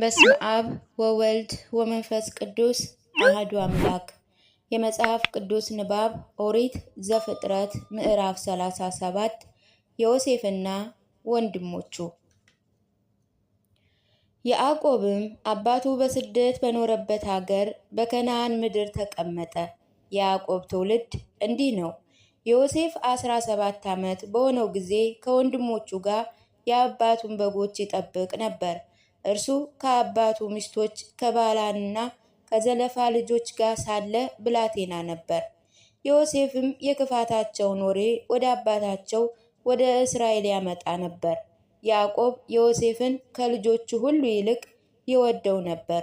በስም አብ ወወልድ ወመንፈስ ቅዱስ አህዱ አምላክ። የመጽሐፍ ቅዱስ ንባብ ኦሪት ዘፍጥረት ምዕራፍ 37 ዮሴፍና ወንድሞቹ ያዕቆብም አባቱ በስደት በኖረበት ሀገር በከነዓን ምድር ተቀመጠ። የያዕቆብ ትውልድ እንዲህ ነው። ዮሴፍ 17 አመት ዓመት በሆነው ጊዜ ከወንድሞቹ ጋር የአባቱን በጎች ይጠብቅ ነበር። እርሱ ከአባቱ ሚስቶች ከባላና ከዘለፋ ልጆች ጋር ሳለ ብላቴና ነበር። ዮሴፍም የክፋታቸውን ወሬ ወደ አባታቸው ወደ እስራኤል ያመጣ ነበር። ያዕቆብ ዮሴፍን ከልጆቹ ሁሉ ይልቅ ይወደው ነበር፣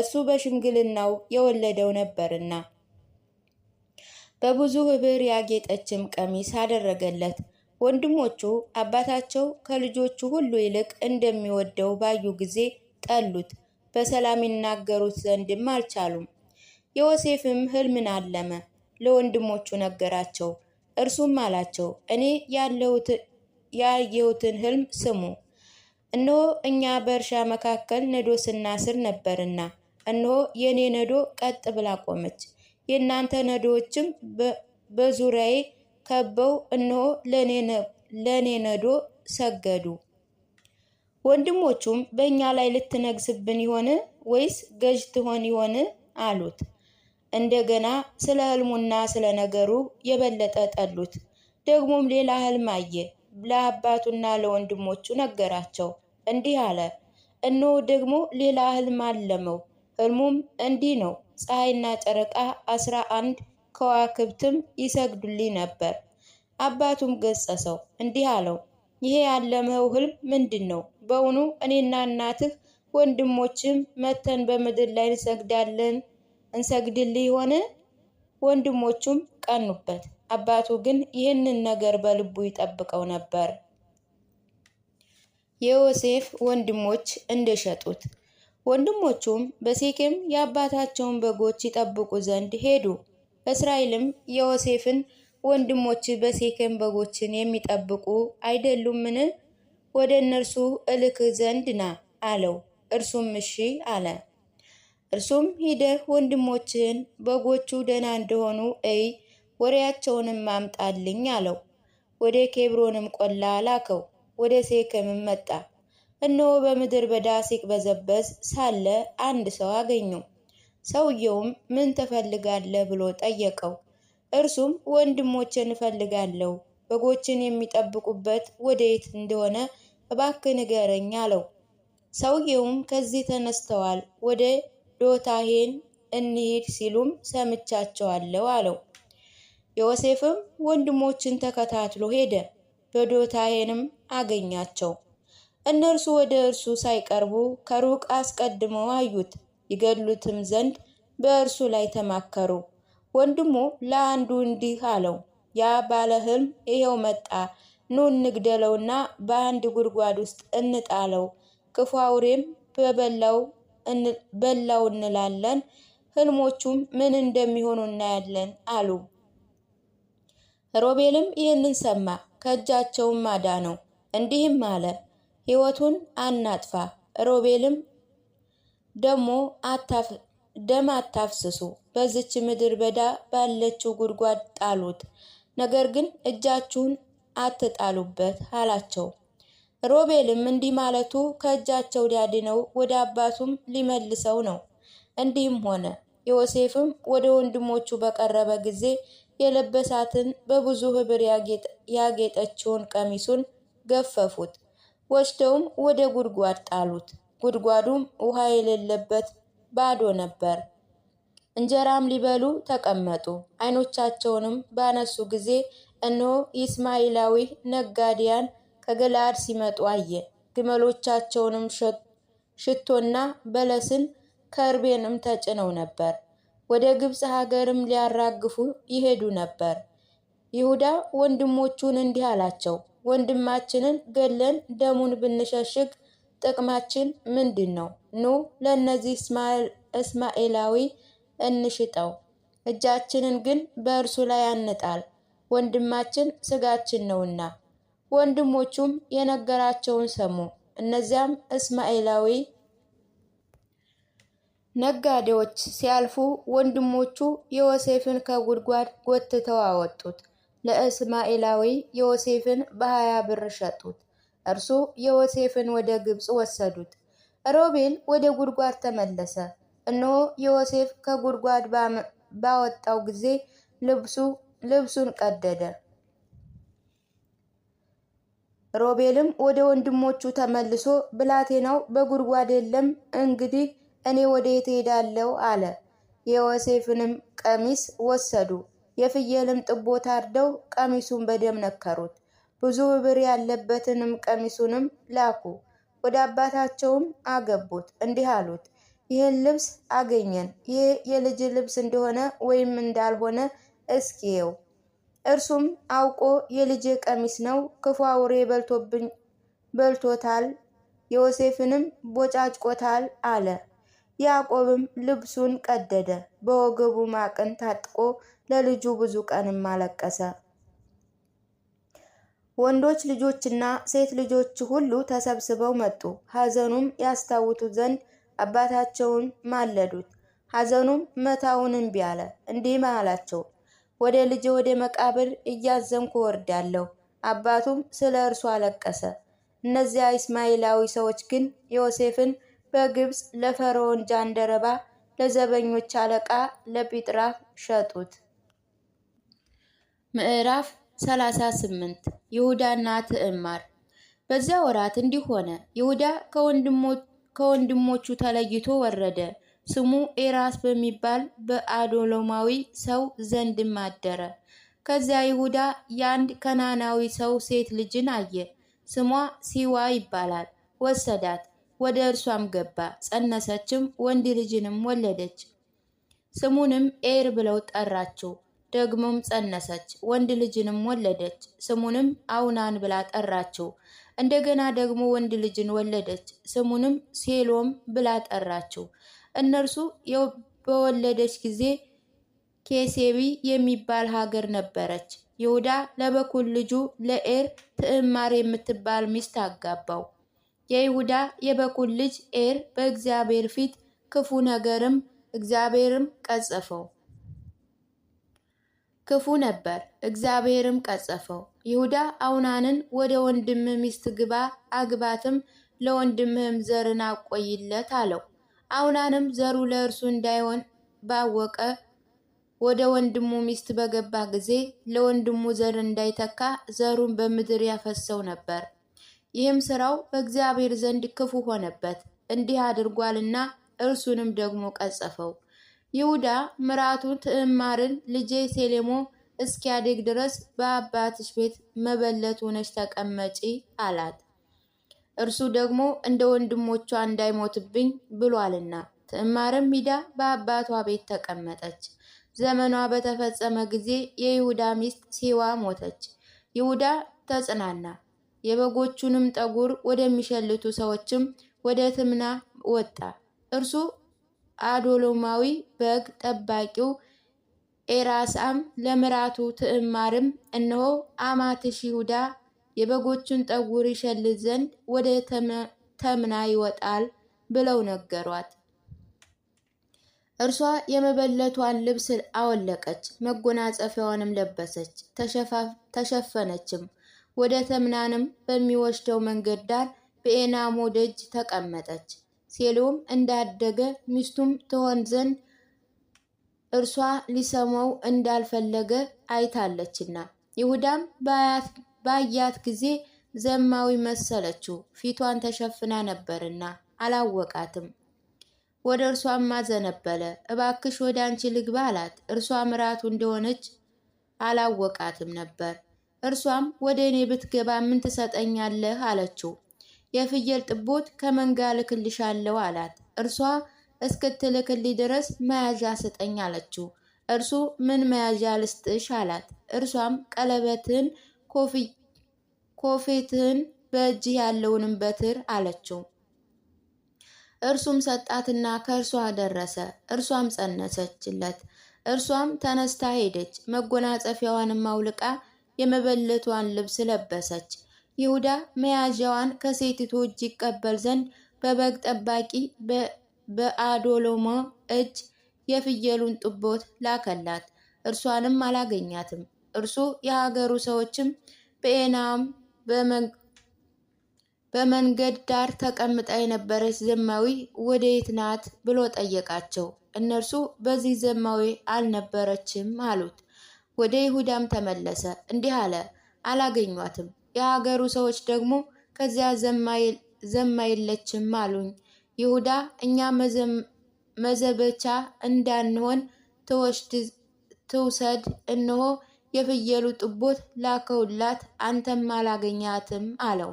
እሱ በሽምግልናው የወለደው ነበርና። በብዙ ኅብር ያጌጠችም ቀሚስ አደረገለት። ወንድሞቹ አባታቸው ከልጆቹ ሁሉ ይልቅ እንደሚወደው ባዩ ጊዜ ጠሉት፣ በሰላም ይናገሩት ዘንድም አልቻሉም። ዮሴፍም ሕልምን አለመ፣ ለወንድሞቹ ነገራቸው። እርሱም አላቸው፣ እኔ ያየሁትን ሕልም ስሙ። እነሆ እኛ በእርሻ መካከል ነዶ ስናስር ነበርና፣ እነሆ የእኔ ነዶ ቀጥ ብላ ቆመች፣ የእናንተ ነዶዎችም በዙሪያዬ ከበው እነሆ ለእኔ ነዶ ሰገዱ። ወንድሞቹም በእኛ ላይ ልትነግስብን ይሆን ወይስ ገዥ ትሆን ይሆን አሉት። እንደገና ስለ ህልሙና ስለ ነገሩ የበለጠ ጠሉት። ደግሞም ሌላ ህልም አየ። ለአባቱና ለወንድሞቹ ነገራቸው፣ እንዲህ አለ። እነሆ ደግሞ ሌላ ህልም አለመው። ህልሙም እንዲህ ነው። ፀሐይና ጨረቃ አስራ አንድ ከዋክብትም ይሰግዱልኝ ነበር። አባቱም ገሰጸው እንዲህ አለው፣ ይሄ ያለመው ህልም ምንድን ነው? በውኑ እኔና እናትህ ወንድሞችም መተን በምድር ላይ እንሰግዳለን እንሰግድልህ ይሆን? ወንድሞቹም ቀኑበት። አባቱ ግን ይህንን ነገር በልቡ ይጠብቀው ነበር። የዮሴፍ ወንድሞች እንደሸጡት ወንድሞቹም በሴኬም የአባታቸውን በጎች ይጠብቁ ዘንድ ሄዱ። በእስራኤልም የዮሴፍን ወንድሞች በሴኬም በጎችን የሚጠብቁ አይደሉምን? ወደ እነርሱ እልክ ዘንድ ና አለው። እርሱም እሺ አለ። እርሱም ሂደህ ወንድሞችህን በጎቹ ደህና እንደሆኑ እይ፣ ወሬያቸውንም አምጣልኝ አለው። ወደ ኬብሮንም ቆላ ላከው። ወደ ሴኬምም መጣ። እነሆ በምድር በዳ ሲቅበዘበዝ ሳለ አንድ ሰው አገኘው። ሰውየውም ምን ትፈልጋለህ ብሎ ጠየቀው። እርሱም ወንድሞችን እፈልጋለሁ፣ በጎችን የሚጠብቁበት ወደየት እንደሆነ እባክህ ንገረኝ አለው። ሰውየውም ከዚህ ተነስተዋል፣ ወደ ዶታሄን እንሂድ ሲሉም ሰምቻቸዋለሁ አለው። ዮሴፍም ወንድሞችን ተከታትሎ ሄደ፣ በዶታሄንም አገኛቸው። እነርሱ ወደ እርሱ ሳይቀርቡ ከሩቅ አስቀድመው አዩት። ይገድሉትም ዘንድ በእርሱ ላይ ተማከሩ። ወንድሙ ለአንዱ እንዲህ አለው፣ ያ ባለ ሕልም ይኸው መጣ፣ ኑ እንግደለውና በአንድ ጉድጓድ ውስጥ እንጣለው፣ ክፉ አውሬም በበላው በላው እንላለን፣ ሕልሞቹም ምን እንደሚሆኑ እናያለን አሉ። ሮቤልም ይህንን ሰማ፣ ከእጃቸውም አዳነው፣ እንዲህም አለ፣ ሕይወቱን አናጥፋ። ሮቤልም አታፍ ደም አታፍስሱ፣ በዚች ምድር በዳ ባለችው ጉድጓድ ጣሉት፣ ነገር ግን እጃችሁን አትጣሉበት አላቸው። ሮቤልም እንዲህ ማለቱ ከእጃቸው ሊያድነው ወደ አባቱም ሊመልሰው ነው። እንዲህም ሆነ። ዮሴፍም ወደ ወንድሞቹ በቀረበ ጊዜ የለበሳትን በብዙ ኅብር ያጌጠችውን ቀሚሱን ገፈፉት፣ ወስደውም ወደ ጉድጓድ ጣሉት። ጉድጓዱም ውሃ የሌለበት ባዶ ነበር። እንጀራም ሊበሉ ተቀመጡ። አይኖቻቸውንም ባነሱ ጊዜ እነሆ የእስማኤላዊ ነጋዴያን ከገላድ ሲመጡ አየ። ግመሎቻቸውንም ሽቶና በለስን ከርቤንም ተጭነው ነበር። ወደ ግብፅ ሀገርም ሊያራግፉ ይሄዱ ነበር። ይሁዳ ወንድሞቹን እንዲህ አላቸው፣ ወንድማችንን ገለን ደሙን ብንሸሽግ ጥቅማችን ምንድን ነው? ኑ ለእነዚህ እስማኤላዊ እንሽጠው፣ እጃችንን ግን በእርሱ ላይ አንጣል፣ ወንድማችን ስጋችን ነውና። ወንድሞቹም የነገራቸውን ሰሙ። እነዚያም እስማኤላዊ ነጋዴዎች ሲያልፉ ወንድሞቹ ዮሴፍን ከጉድጓድ ጎትተው አወጡት። ለእስማኤላዊ ዮሴፍን በሀያ ብር ሸጡት። እርሱ ዮሴፍን ወደ ግብፅ ወሰዱት። ሮቤል ወደ ጉድጓድ ተመለሰ። እነሆ ዮሴፍ ከጉድጓድ ባወጣው ጊዜ ልብሱ ልብሱን ቀደደ። ሮቤልም ወደ ወንድሞቹ ተመልሶ ብላቴናው በጉድጓድ የለም፣ እንግዲህ እኔ ወደ ሄዳለሁ አለ። የዮሴፍንም ቀሚስ ወሰዱ። የፍየልም ጥቦ ታርደው ቀሚሱን በደም ነከሩት። ብዙ ብር ያለበትንም ቀሚሱንም ላኩ። ወደ አባታቸውም አገቡት፣ እንዲህ አሉት፣ ይህን ልብስ አገኘን። ይህ የልጅ ልብስ እንደሆነ ወይም እንዳልሆነ እስኪየው። እርሱም አውቆ የልጅ ቀሚስ ነው፣ ክፉ አውሬ በልቶታል፣ ዮሴፍንም ቦጫጭቆታል አለ። ያዕቆብም ልብሱን ቀደደ፣ በወገቡ ማቅን ታጥቆ ለልጁ ብዙ ቀንም አለቀሰ። ወንዶች ልጆችና ሴት ልጆች ሁሉ ተሰብስበው መጡ። ሐዘኑም ያስታውቱት ዘንድ አባታቸውን ማለዱት። ሐዘኑም መታውን እምቢ አለ። እንዲህም አላቸው፣ ወደ ልጄ ወደ መቃብር እያዘንኩ ወርዳለሁ። አባቱም ስለ እርሱ አለቀሰ። እነዚያ እስማኤላዊ ሰዎች ግን ዮሴፍን በግብፅ ለፈርዖን ጃንደረባ ለዘበኞች አለቃ ለጲጥራፍ ሸጡት። ምዕራፍ 38 ይሁዳና ትዕማር። በዚያ ወራት እንዲህ ሆነ፣ ይሁዳ ከወንድሞቹ ተለይቶ ወረደ፣ ስሙ ኤራስ በሚባል በአዶሎማዊ ሰው ዘንድም አደረ። ከዚያ ይሁዳ የአንድ ከናናዊ ሰው ሴት ልጅን አየ፣ ስሟ ሲዋ ይባላል። ወሰዳት፣ ወደ እርሷም ገባ፣ ጸነሰችም፣ ወንድ ልጅንም ወለደች። ስሙንም ኤር ብለው ጠራቸው። ደግሞም ጸነሰች፣ ወንድ ልጅንም ወለደች። ስሙንም አውናን ብላ ጠራችው። እንደገና ደግሞ ወንድ ልጅን ወለደች፣ ስሙንም ሴሎም ብላ ጠራችው። እነርሱ በወለደች ጊዜ ኬሴቢ የሚባል ሀገር ነበረች። ይሁዳ ለበኩል ልጁ ለኤር ትዕማር የምትባል ሚስት አጋባው። የይሁዳ የበኩል ልጅ ኤር በእግዚአብሔር ፊት ክፉ ነገርም እግዚአብሔርም ቀጸፈው። ክፉ ነበር። እግዚአብሔርም ቀጸፈው። ይሁዳ አውናንን ወደ ወንድምህ ሚስት ግባ አግባትም፣ ለወንድምህም ዘርን አቆይለት አለው። አውናንም ዘሩ ለእርሱ እንዳይሆን ባወቀ ወደ ወንድሙ ሚስት በገባ ጊዜ ለወንድሙ ዘር እንዳይተካ ዘሩን በምድር ያፈሰው ነበር። ይህም ስራው በእግዚአብሔር ዘንድ ክፉ ሆነበት፣ እንዲህ አድርጓልና እርሱንም ደግሞ ቀጸፈው። ይሁዳ ምራቱን ትዕማርን ልጄ ሴሌሞ እስኪያድግ ድረስ በአባትሽ ቤት መበለት ሆነሽ ተቀመጪ አላት። እርሱ ደግሞ እንደ ወንድሞቿ እንዳይሞትብኝ ብሏልና፣ ትዕማርም ሂዳ በአባቷ ቤት ተቀመጠች። ዘመኗ በተፈጸመ ጊዜ የይሁዳ ሚስት ሲዋ ሞተች። ይሁዳ ተጽናና፣ የበጎቹንም ጠጉር ወደሚሸልቱ ሰዎችም ወደ ትምና ወጣ። እርሱ አዶሎማዊ በግ ጠባቂው ኤራሳም ለምራቱ ትዕማርም እነሆ አማትሽ ይሁዳ የበጎቹን ጠጉር ይሸልት ዘንድ ወደ ተምና ይወጣል ብለው ነገሯት። እርሷ የመበለቷን ልብስ አወለቀች፣ መጎናጸፊያዋንም ለበሰች፣ ተሸፈነችም። ወደ ተምናንም በሚወስደው መንገድ ዳር በኤናሞ ደጅ ተቀመጠች። ሴሎም እንዳደገ ሚስቱም ትሆን ዘንድ እርሷ ሊሰማው እንዳልፈለገ አይታለችና። ይሁዳም ባያት ጊዜ ዘማዊ መሰለችው፣ ፊቷን ተሸፍና ነበርና አላወቃትም። ወደ እርሷም ማዘነበለ እባክሽ ወደ አንቺ ልግባ አላት። እርሷ ምራቱ እንደሆነች አላወቃትም ነበር። እርሷም ወደ እኔ ብትገባ ምን ትሰጠኛለህ አለችው። የፍየል ጥቦት ከመንጋ አለው አላት። እርሷ እስክትልክልኝ ድረስ መያዣ ስጠኝ አለችው። እርሱ ምን መያዣ ልስጥሽ አላት። እርሷም ቀለበትን፣ ኮፌትህን፣ በእጅህ ያለውንም በትር አለችው። እርሱም ሰጣትና ከእርሷ ደረሰ። እርሷም ጸነሰችለት። እርሷም ተነስታ ሄደች። መጎናጸፊያዋንም አውልቃ የመበለቷን ልብስ ለበሰች። ይሁዳ መያዣዋን ከሴቲቱ እጅ ይቀበል ዘንድ በበግ ጠባቂ በአዶሎማ እጅ የፍየሉን ጥቦት ላከላት። እርሷንም አላገኛትም። እርሱ የሀገሩ ሰዎችም በኤናም በመንገድ ዳር ተቀምጣ የነበረች ዘማዊ ወደየት ናት ብሎ ጠየቃቸው። እነርሱ በዚህ ዘማዊ አልነበረችም አሉት። ወደ ይሁዳም ተመለሰ እንዲህ አለ፣ አላገኟትም የሀገሩ ሰዎች ደግሞ ከዚያ ዘማይለችም አሉኝ። ይሁዳ እኛ መዘበቻ እንዳንሆን ትወስድ ትውሰድ፣ እነሆ የፍየሉ ጥቦት ላከውላት፣ አንተም አላገኛትም አለው።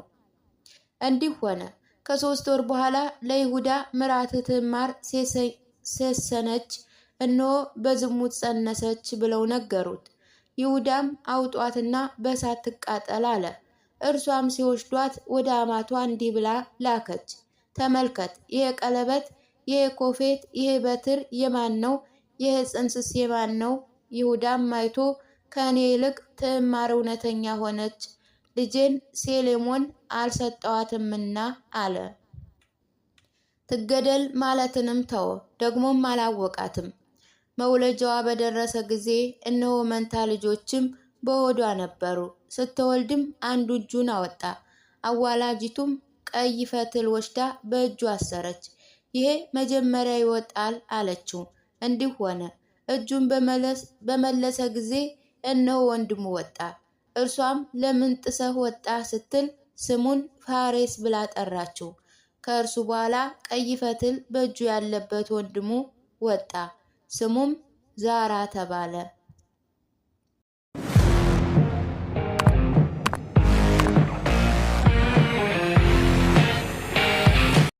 እንዲህ ሆነ። ከሶስት ወር በኋላ ለይሁዳ ምራት ትማር ሴሰነች፣ እነሆ በዝሙት ጸነሰች ብለው ነገሩት። ይሁዳም አውጧትና በእሳት ትቃጠል አለ። እርሷም ሲወስዷት ወደ አማቷ እንዲህ ብላ ላከች። ተመልከት፣ ይሄ ቀለበት፣ ይሄ ኮፌት፣ ይሄ በትር የማን ነው? ይሄ ጽንስስ የማን ነው? ይሁዳም አይቶ ከእኔ ይልቅ ትዕማር እውነተኛ ሆነች፣ ልጄን ሴሌሞን አልሰጠዋትምና አለ። ትገደል ማለትንም ተወ። ደግሞም አላወቃትም። መውለጃዋ በደረሰ ጊዜ እነሆ መንታ ልጆችም በሆዷ ነበሩ። ስትወልድም አንዱ እጁን አወጣ። አዋላጅቱም ቀይ ፈትል ወስዳ በእጁ አሰረች። ይሄ መጀመሪያ ይወጣል አለችው። እንዲህ ሆነ። እጁን በመለሰ ጊዜ እነሆ ወንድሙ ወጣ። እርሷም ለምን ጥሰህ ወጣ ስትል ስሙን ፋሬስ ብላ ጠራችው። ከእርሱ በኋላ ቀይ ፈትል በእጁ ያለበት ወንድሙ ወጣ። ስሙም ዛራ ተባለ።